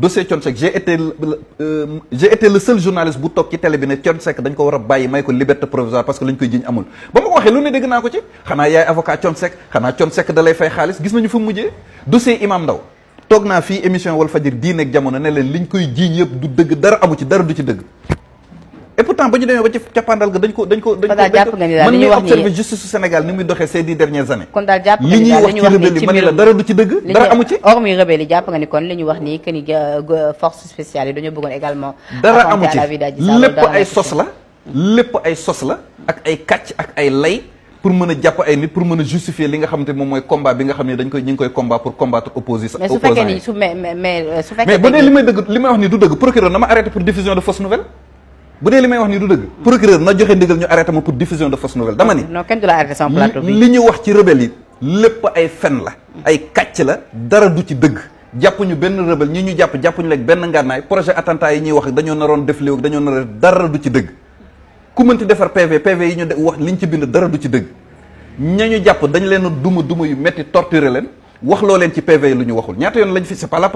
dossier Thione Seck j'ai été euh, j'ai été bu toog ci télé bi ne Thione dañ ko war a bàyyi may ko liberté provisoire parce que lañ koy jiñ amul ba ma ko waxee lu ne dégg naa ko ci xanaa yaay avocat Thione Seck xanaa Thione Seck da fay xaalis gis nañu fu mu mujjee dossier Imam Ndaw toog naa fi émission fajir diine ak jamono ne leen ñu koy jiiñ yëpp du dëgg dara amu ci dara du ci dëgg et pourtant ba ñu demee ba ci cappaandal ga dañ ko dañ ko dañ ko man mi observé justice su Sénégal ni muy doxee ces dix dernières années kon daal jàpp nga ni daal li ñuy wax ci rebelle yi man la dara du ci dëgg dara amu ci hormis rebelle yi jàpp nga ni kon li ñu wax nii que ni force spéciale yi dañoo bëggoon également dara amu ci lépp ay sos la lépp ay sos la ak ay kàcc ak ay lay pour mën a jàpp ay nit pour mën a justifier li nga xam te moom mooy combat bi nga xam ne dañ koy ñu ngi koy combat pour combattre opposition mais su fekkee ni su mais mais euh, su fekkee mais bu dee li may dëgg li may wax ni du dëgg procureur na ma arrêté pour diffusion de fausse nouvelle bu dee li may wax ni du dëgg procureur na joxe ndigal ñu arrêté ma pour diffusion de fausse nouvelle dama ni non kenn du la arrêté sama li ñu wax ci rebelle yi lépp ay fen la ay kàcc la dara du ci dëgg ñu benn rebelle ñi ñu jàpp jàppuñu lekk benn ngànnaay projet attentat yi ñuy wax dañoo naroon def léegi dañoo naroon dara du ci dëgg ku mënti defar PV PV yi ñu wax li liñ ci bind dara du ci dëgg ñu jàpp dañ leen duma duma yu metti torturer leen wax loo leen ci PV yi lu ñu waxul ñaata yoon lañ fi c'est pas